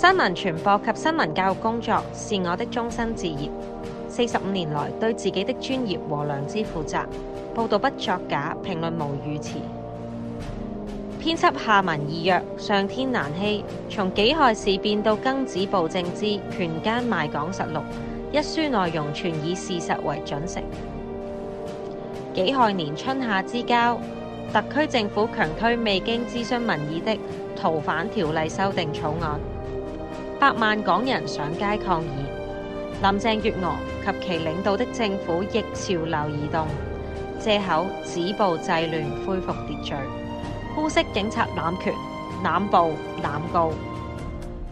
新聞傳播及新聞教育工作是我的終身志業。四十五年來，對自己的專業和良知負責，報道不作假，評論無語詞。編輯下文意約，上天難欺。從《己亥事變》到《庚子暴政》之《權奸賣港實錄》，一書內容全以事實為準繩。己亥年春夏之交，特區政府強推未經諮詢民意的《逃犯條例》修訂草案。百萬港人上街抗議，林鄭月娥及其領導的政府逆潮流而動，借口止暴制亂恢復秩，秩序，污蔑警察濫權、濫暴、濫告。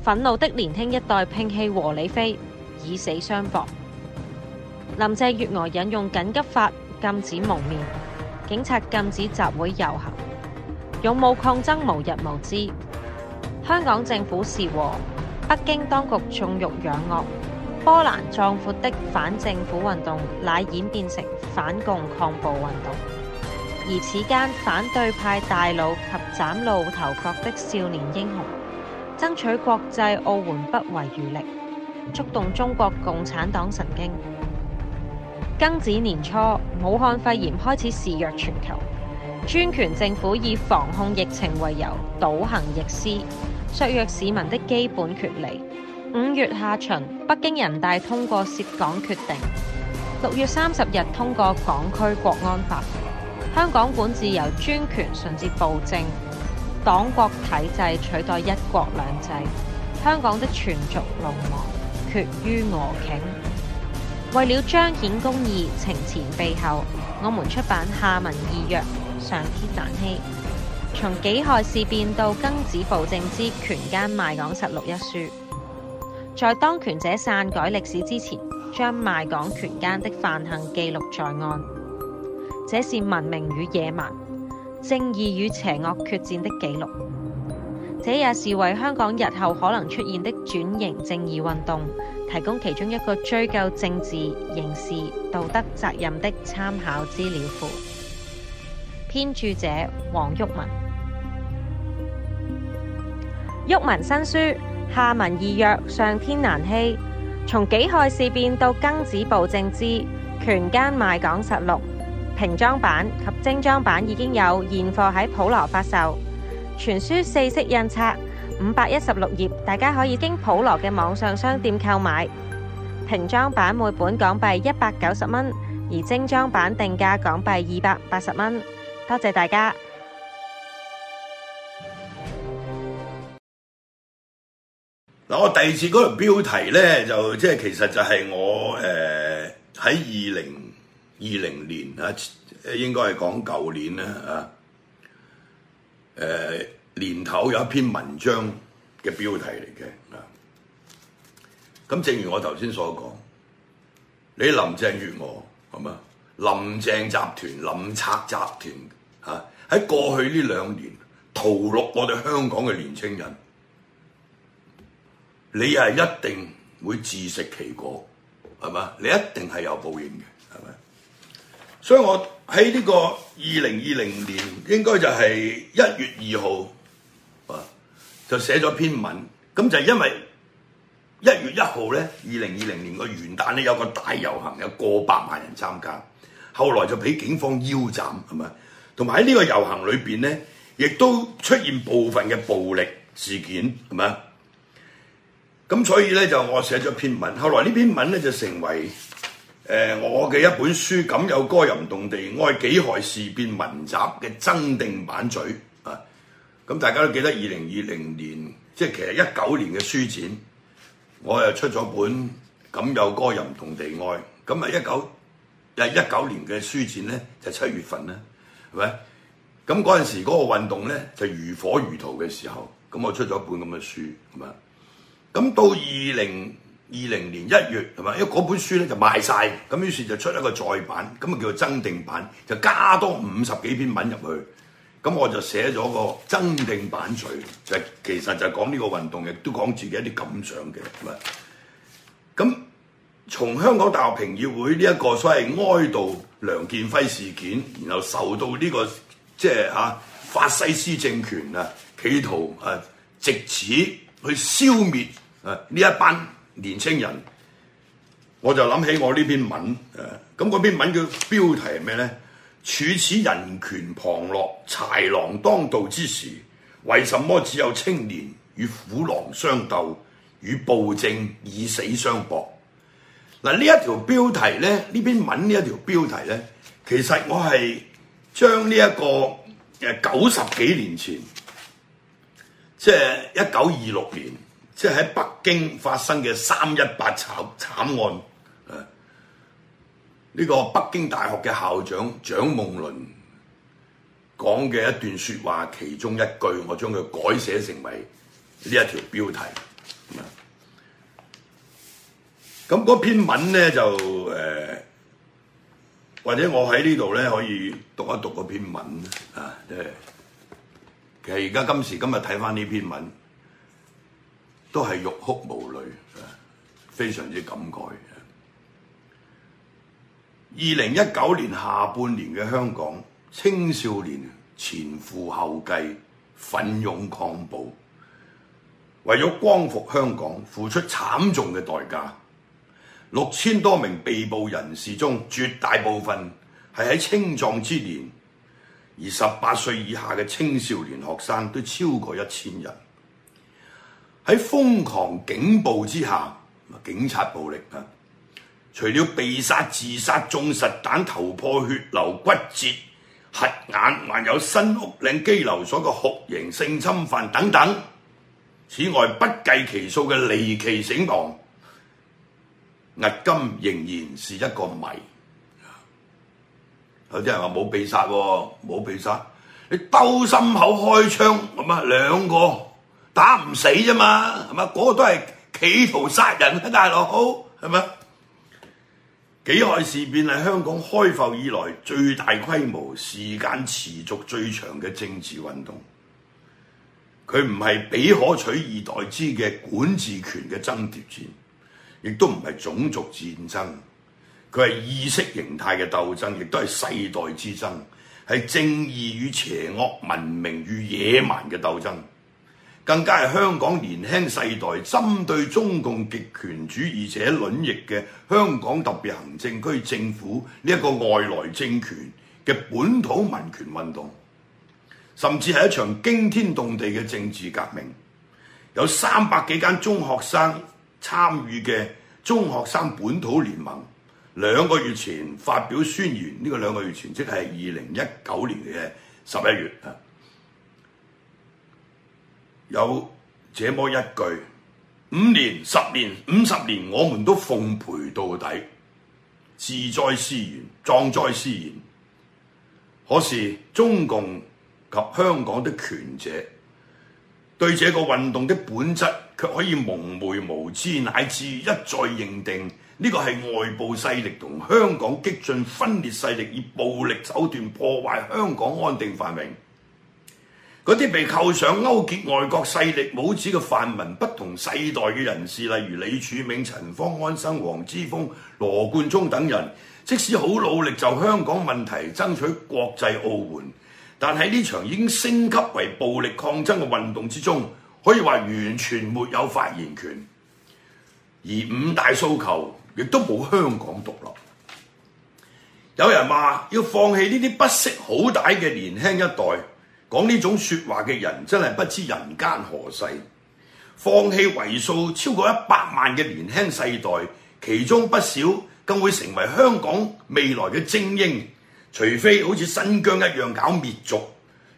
憤怒的年輕一代拼氣和理非，以死相搏。林鄭月娥引用緊急法禁止蒙面，警察禁止集會遊行，勇武抗爭無日無之。香港政府是和。北京當局縱欲養惡，波瀾壯闊的反政府運動乃演變成反共抗暴運動，而此間反對派大佬及嶄露頭角的少年英雄，爭取國際奧援不遺餘力，觸動中國共產黨神經。庚子年初，武漢肺炎開始肆虐全球，專權政府以防控疫情為由，倒行逆施。削弱市民的基本權利。五月下旬，北京人大通過涉港決定；六月三十日通過港區國安法。香港管治由專權順至暴政，黨國體制取代一國兩制。香港的全族淪亡，決於俄頃。為了彰顯公義，懲前毖後，我們出版下文二約，上天難欺。從己亥事變到庚子暴政之權奸賣港實錄一書，在當權者篡改歷史之前，將賣港權奸的犯行記錄在案，這是文明與野蠻、正義與邪惡決戰的記錄。這也是為香港日後可能出現的轉型正義運動提供其中一個追究政治、刑事、道德責任的參考資料庫。編著者：黃毓民。《毓民新書》，下文易約，上天難欺。從己亥事變到庚子暴政之權奸賣港實錄，平裝版及精裝版已經有現貨喺普羅發售。全書四色印刷，五百一十六頁，大家可以經普羅嘅網上商店購買。平裝版每本港幣一百九十蚊，而精裝版定價港幣二百八十蚊。多謝大家。嗱，我第二次嗰個標題咧，就即係其實就係我誒喺二零二零年啊，應該係講舊年咧啊。誒年頭有一篇文章嘅標題嚟嘅啊。咁正如我頭先所講，你林鄭月娥係嘛？林鄭集團、林策集團啊，喺過去呢兩年屠戮我哋香港嘅年青人。你又係一定會自食其果，係嘛？你一定係有報應嘅，係咪？所以我喺呢個二零二零年，應該就係一月二號啊，就寫咗篇文。咁就係因為一月一號咧，二零二零年個元旦咧有個大遊行，有過百萬人參加，後來就俾警方腰斬，係咪？同埋喺呢個遊行裏邊咧，亦都出現部分嘅暴力事件，係咪啊？咁所以咧就我寫咗篇文，後來呢篇文咧就成為誒、呃、我嘅一本書《敢有歌吟動地哀己亥事變文集》嘅增訂版嘴啊！咁大家都記得二零二零年，即係其實一九年嘅書展，我又出咗本《敢有歌吟動地哀》。咁啊一九誒一九年嘅書展咧就七月份啦，係咪？咁嗰陣時嗰個運動咧就如火如荼嘅時候，咁我出咗一本咁嘅書咁啊！咁到二零二零年一月，係嘛？因為嗰本書咧就賣晒，咁於是就出一個再版，咁啊叫做增訂版，就加多五十幾篇文入去。咁我就寫咗個增訂版序，就其實就講呢個運動亦都講自己一啲感想嘅。咁，從香港大學評議會呢一個所謂哀悼梁建輝事件，然後受到呢、這個即係吓法西斯政權啊，企圖啊，藉此去消滅。呢一班年青人，我就諗起我呢篇文。咁嗰篇文嘅標題係咩呢？「處此人權旁落、豺狼當道之時，為什麼只有青年與虎狼相鬥，與暴政以死相搏？」嗱，呢一條標題呢，呢篇文呢一條標題呢，其實我係將呢一個九十幾年前，即係一九二六年。即係喺北京發生嘅三一八慘慘案，啊！呢、這個北京大學嘅校長蔣夢麟講嘅一段説話，其中一句我將佢改寫成為呢一條標題。咁、啊、嗰篇文咧就誒、呃，或者我喺呢度咧可以讀一讀嗰篇文啊。即係其實而家今時今日睇翻呢篇文，都係欲哭無淚，非常之感慨。二零一九年下半年嘅香港，青少年前赴後繼，奮勇抗暴，為咗光復香港付出慘重嘅代價。六千多名被捕人士中，絕大部分係喺青壯之年，而十八歲以下嘅青少年學生都超過一千人。喺瘋狂警暴之下，警察暴力啊！除了被殺、自殺、中實彈、頭破血流、骨折、瞎眼，還有新屋嶺拘留所嘅酷刑、性侵犯等等。此外，不計其數嘅離奇死亡，押金仍然是一個謎。有啲人話冇被殺，冇被殺，你兜心口開槍咁啊，兩個。打唔死啫嘛，係嘛？嗰個都係企圖殺人啊！大佬係咪？己亥事變係香港開埠以來最大規模、時間持續最長嘅政治運動。佢唔係彼可取而代之嘅管治權嘅爭奪戰，亦都唔係種族戰爭。佢係意識形態嘅鬥爭，亦都係世代之爭，係正義與邪惡、文明與野蠻嘅鬥爭。更加係香港年輕世代針對中共極權主義者卵翼嘅香港特別行政區政府呢一個外來政權嘅本土民權運動，甚至係一場驚天動地嘅政治革命。有三百幾間中學生參與嘅中學生本土聯盟兩個月前發表宣言，呢個兩個月前即係二零一九年嘅十一月啊。有這麼一句：五年、十年、五十年，我們都奉陪到底。志在思源，壯哉思源，可是中共及香港的權者，對這個運動的本質卻可以蒙昧無知，乃至一再認定呢、這個係外部勢力同香港激進分裂勢力以暴力手段破壞香港安定繁榮。嗰啲被扣上勾結外國勢力帽子嘅泛民不同世代嘅人士，例如李柱銘、陳方安生、黃之鋒、羅冠聰等人，即使好努力就香港問題爭取國際奧援，但喺呢場已經升級為暴力抗爭嘅運動之中，可以話完全沒有發言權，而五大訴求亦都冇香港獨立。有人話要放棄呢啲不識好歹嘅年輕一代。講呢種説話嘅人真係不知人間何世，放棄為數超過一百萬嘅年輕世代，其中不少更會成為香港未來嘅精英，除非好似新疆一樣搞滅族，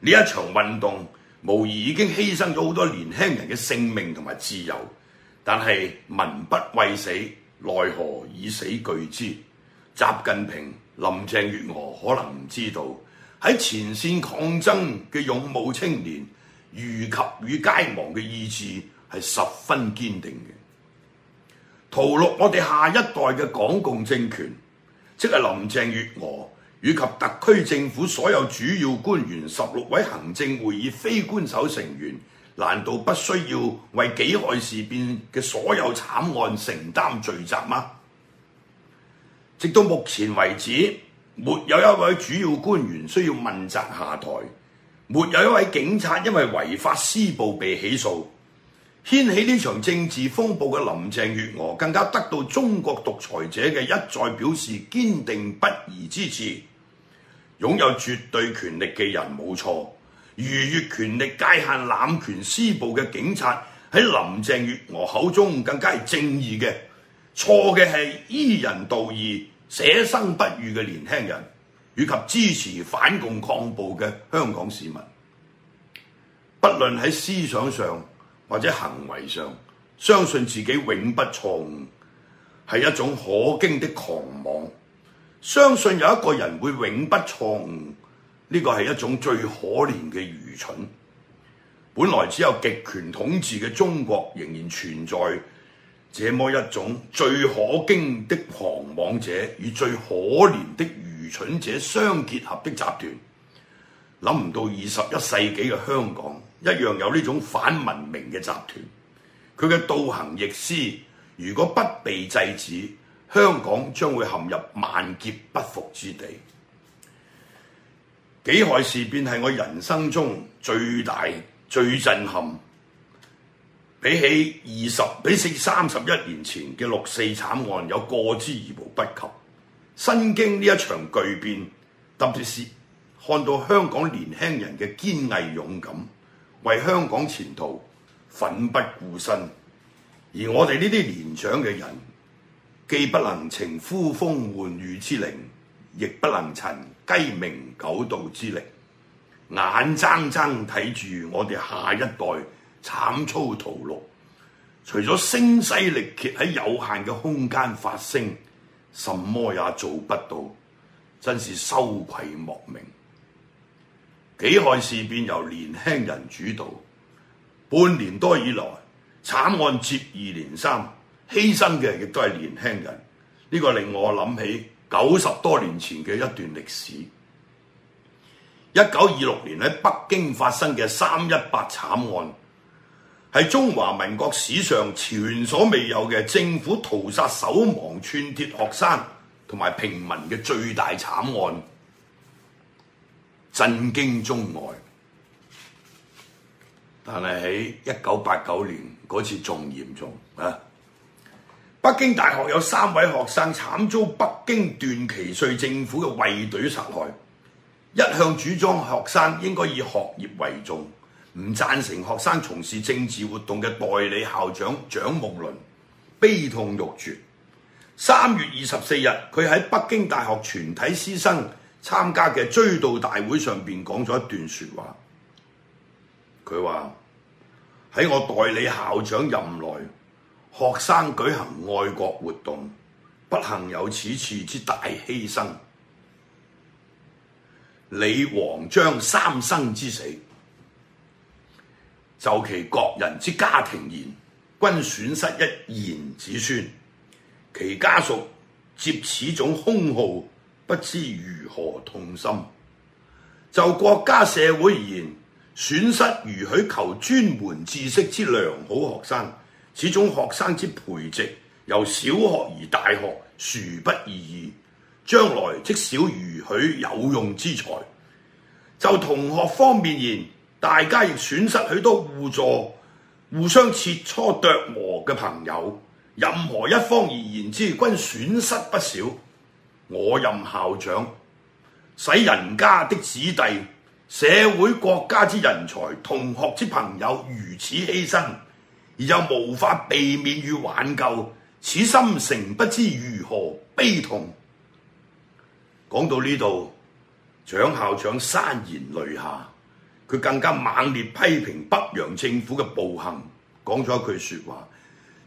呢一場運動，無疑已經犧牲咗好多年輕人嘅性命同埋自由。但係民不畏死，奈何以死懼之？習近平、林鄭月娥可能唔知道。喺前線抗爭嘅勇武青年，以及與偕亡嘅意志，係十分堅定嘅。屠戮我哋下一代嘅港共政權，即係林鄭月娥以及特區政府所有主要官員、十六位行政會議非官守成員，難道不需要為己亥事變嘅所有慘案承擔罪責嗎？直到目前為止。沒有一位主要官員需要問責下台，沒有一位警察因為違法施暴被起訴。掀起呢場政治風暴嘅林鄭月娥，更加得到中國獨裁者嘅一再表示堅定不移支持。擁有絕對權力嘅人冇錯，逾越權力界限濫權施暴嘅警察喺林鄭月娥口中更加係正義嘅，錯嘅係依人道義。舍生不遇嘅年輕人，以及支持反共抗暴嘅香港市民，不論喺思想上或者行為上，相信自己永不錯誤，係一種可驚的狂妄。相信有一個人會永不錯誤，呢個係一種最可憐嘅愚蠢。本來只有極權統治嘅中國，仍然存在。這麼一種最可驚的狂妄者與最可憐的愚蠢者相結合的集團，諗唔到二十一世紀嘅香港一樣有呢種反文明嘅集團。佢嘅倒行逆施，如果不被制止，香港將會陷入萬劫不復之地。幾害事變係我人生中最大、最震撼。比起二十，比起三十一年前嘅六四慘案，有過之而無不及。身經呢一場巨變，特別是看到香港年輕人嘅堅毅勇敢，為香港前途奮不顧身，而我哋呢啲年長嘅人，既不能呈呼風喚雨之靈，亦不能陳雞鳴狗盜之靈，眼睜睜睇住我哋下一代。慘粗屠戮除咗聲嘶力竭喺有限嘅空間發聲，什麼也做不到，真是羞愧莫名。己亥事變由年輕人主導，半年多以來慘案接二連三，犧牲嘅亦都係年輕人。呢、這個令我諗起九十多年前嘅一段歷史，一九二六年喺北京發生嘅三一八慘案。係中華民國史上前所未有嘅政府屠殺手無寸鐵學生同埋平民嘅最大慘案，震驚中外。但係喺一九八九年嗰次仲嚴重啊！北京大學有三位學生慘遭北京段祺瑞政府嘅衛隊殺害，一向主張學生應該以學業為重。唔贊成學生從事政治活動嘅代理校長蔣夢麟悲痛欲絕。三月二十四日，佢喺北京大學全體師生參加嘅追悼大會上邊講咗一段說話。佢話喺我代理校長任內，學生舉行愛國活動，不幸有此次之大犧牲。李黃張三生之死。就其各人之家庭言，均損失一賢子孫；其家屬接此種兇耗，不知如何痛心。就國家社會而言，損失如許求專門知識之良好學生，此種學生之培植，由小學而大學殊不易矣。將來即少如許有用之才。就同學方面言。大家亦損失許多互助、互相切磋、琢磨嘅朋友，任何一方而言之，均損失不少。我任校長，使人家的子弟、社會國家之人才、同學之朋友如此犧牲，而又無法避免與挽救，此心誠不知如何悲痛。講到呢度，蔣校長潸然淚下。佢更加猛烈批評北洋政府嘅暴行，講咗一句說話：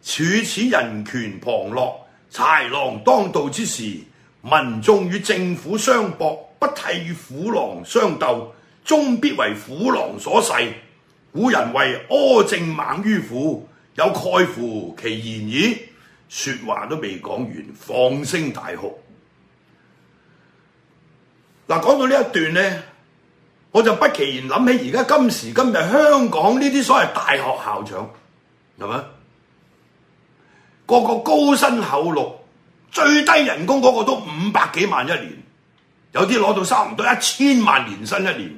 處此，此人權旁落，豺狼當道之時，民眾與政府相搏，不啻與虎狼相鬥，終必為虎狼所噬。古人謂苛政猛於虎，有概乎其言矣。說話都未講完，放聲大哭。嗱，講到呢一段呢。我就不其然諗起而家今時今日香港呢啲所謂大學校長，係咪？個個高薪厚祿，最低人工嗰個都五百幾萬一年，有啲攞到差唔多一千萬年薪一年。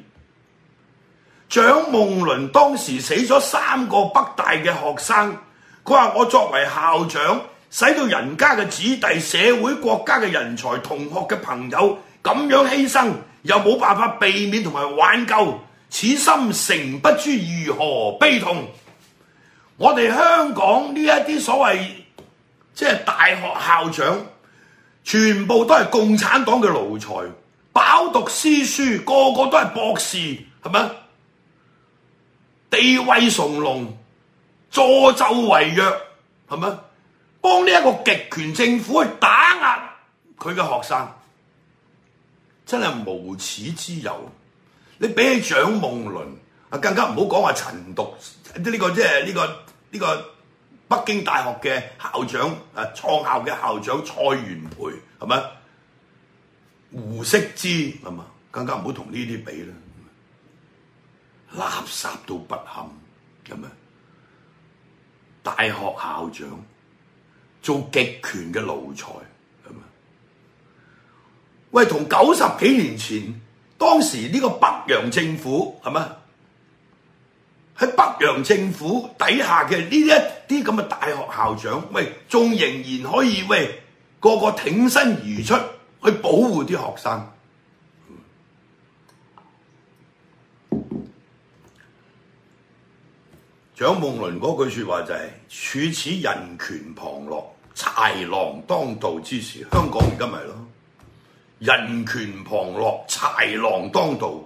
蔣夢麟當時死咗三個北大嘅學生，佢話：我作為校長，使到人家嘅子弟、社會國家嘅人才、同學嘅朋友咁樣犧牲。又冇辦法避免同埋挽救，此心誠不知如何悲痛。我哋香港呢一啲所謂即係大學校長，全部都係共產黨嘅奴才，飽讀詩書，個個都係博士，係咪啊？地位崇隆，助紂為虐，係咪啊？幫呢一個極權政府去打壓佢嘅學生。真係無恥之尤，你比起蔣夢麟啊，更加唔好講話陳獨，呢、呢個即係呢個呢、呢個北京大學嘅校長，啊創校嘅校長蔡元培係咪？胡適之係嘛，更加唔好同呢啲比啦，垃圾到不堪咁啊！大學校長做極權嘅奴才。喂，同九十幾年前當時呢個北洋政府係咪？喺北洋政府底下嘅呢一啲咁嘅大學校長，喂，仲仍然可以喂個個挺身而出去保護啲學生。嗯、蔣夢麟嗰句説話就係、是、處此人權旁落、豺狼當道之時，香港而家咪咯。人權旁落，豺狼當道，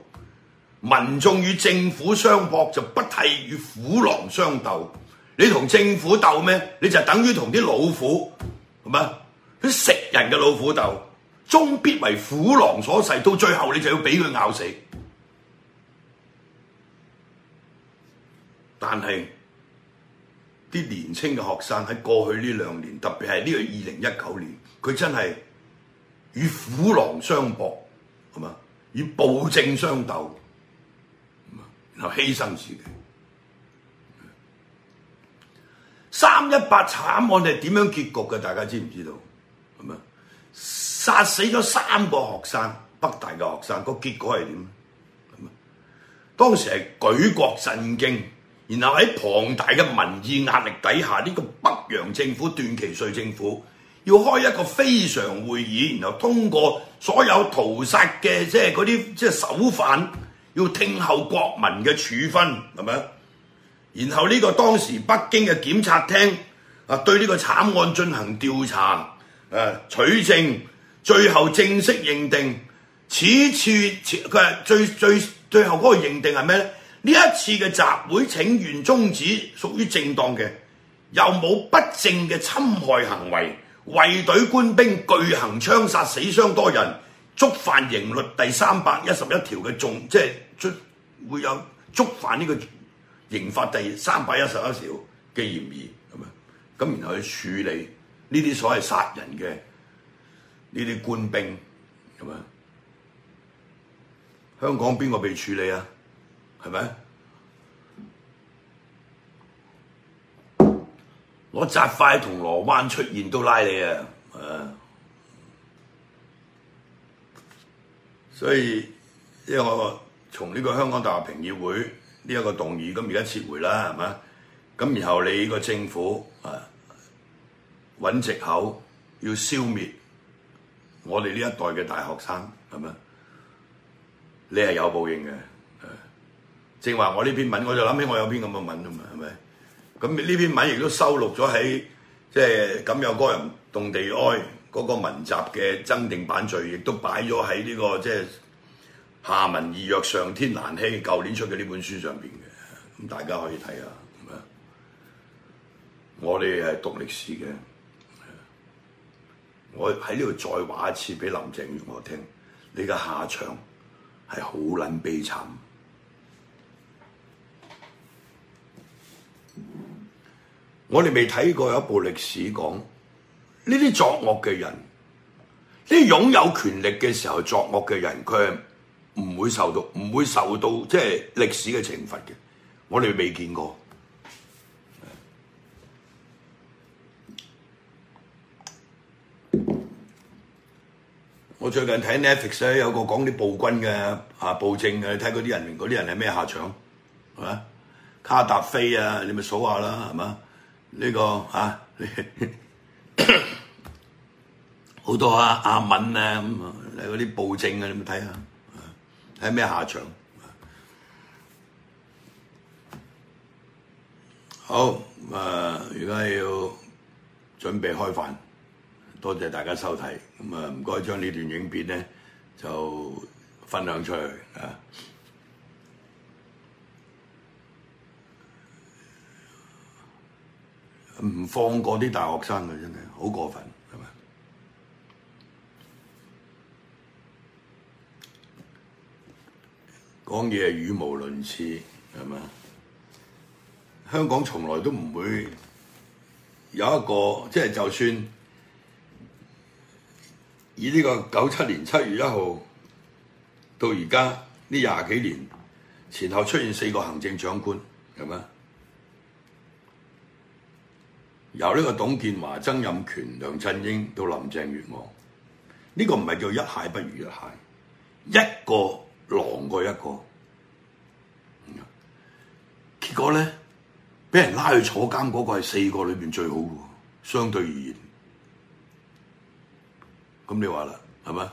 民眾與政府相搏，就不替與虎狼相鬥。你同政府鬥咩？你就等於同啲老虎，係咪啊？啲食人嘅老虎鬥，終必為虎狼所噬。到最後，你就要畀佢咬死。但係啲年青嘅學生喺過去呢兩年，特別係呢個二零一九年佢真係與虎狼相搏，係嘛？與暴政相鬥，然後犧牲自己。三一八慘案係點樣結局嘅？大家知唔知道？係嘛？殺死咗三個學生，北大嘅學生，個結果係點？當時係舉國震驚，然後喺龐大嘅民意壓力底下，呢個北洋政府，段祺瑞政府。要開一個非常會議，然後通過所有屠殺嘅即係嗰啲即係首犯，要聽候國民嘅處分，係咪啊？然後呢個當時北京嘅檢察廳啊，對呢個慘案進行調查，誒、啊、取證，最後正式認定此次佢係最最最後嗰個認定係咩咧？呢一次嘅集會請願宗旨屬於正當嘅，又冇不正嘅侵害行為。衛隊官兵巨行槍殺死傷多人，觸犯刑律第三百一十一條嘅罪，即係出會有觸犯呢個刑法第三百一十一條嘅嫌疑，係咪？咁然後去處理呢啲所謂殺人嘅呢啲官兵，係咪？香港邊個被處理啊？係咪？我扎快銅鑼灣出現都拉你啊！啊，所以呢個從呢個香港大學評議會呢一個動議，咁而家撤回啦，係嘛？咁然後你呢個政府啊，揾藉口要消滅我哋呢一代嘅大學生，係咪？你係有報應嘅，正話我呢篇文，我就諗起我有篇咁嘅文啊嘛，係咪？咁呢篇文亦都收錄咗喺即係《敢有歌吟動地哀》嗰、那個文集嘅增訂版序，亦都擺咗喺呢個即係《下民易虐，上天難欺》舊年出嘅呢本書上邊嘅，咁大家可以睇下，咁啊，我哋係讀歷史嘅，我喺呢度再話一次俾林鄭月娥聽，你嘅下場係好撚悲慘。我哋未睇過有一部歷史講呢啲作惡嘅人，呢啲擁有權力嘅時候作惡嘅人，佢係唔會受到唔會受到即係歷史嘅懲罰嘅。我哋未見過。我最近睇 Netflix 咧，有個講啲暴君嘅啊暴政嘅，你睇嗰啲人嗰啲人係咩下場？啊，卡達菲啊，你咪數下啦，係嘛？呢、呢個嚇，好多阿阿敏啊咁啊，有嗰啲暴政啊，你咪睇下，睇咩下場。好啊，而、啊、家、啊啊啊啊、要準備開飯，多謝大家收睇。咁啊，唔該將呢段影片咧就分享出去啊。唔放過啲大學生嘅真係好過分，係咪？講嘢係語無倫次，係咪？香港從來都唔會有一個，即係就算以呢個九七年七月一號到而家呢廿幾年前後出現四個行政長官，係咪？由呢個董建華、曾蔭權、梁振英到林鄭月娥，呢個唔係叫一蟹不如一蟹，一個狼過一個。結果呢，俾人拉去坐監嗰個係四個裏邊最好嘅，相對而言。咁你話啦，係咪？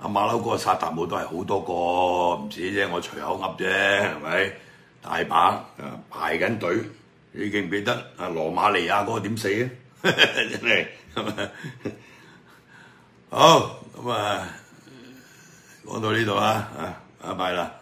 阿馬騮哥薩達姆都係好多個，唔止啫，我隨口噏啫，係咪？大把啊，排緊隊。你記唔記得啊？羅馬尼亞嗰個點死？ 啊？真係好咁啊，講到呢度啊啊，拜拜啦！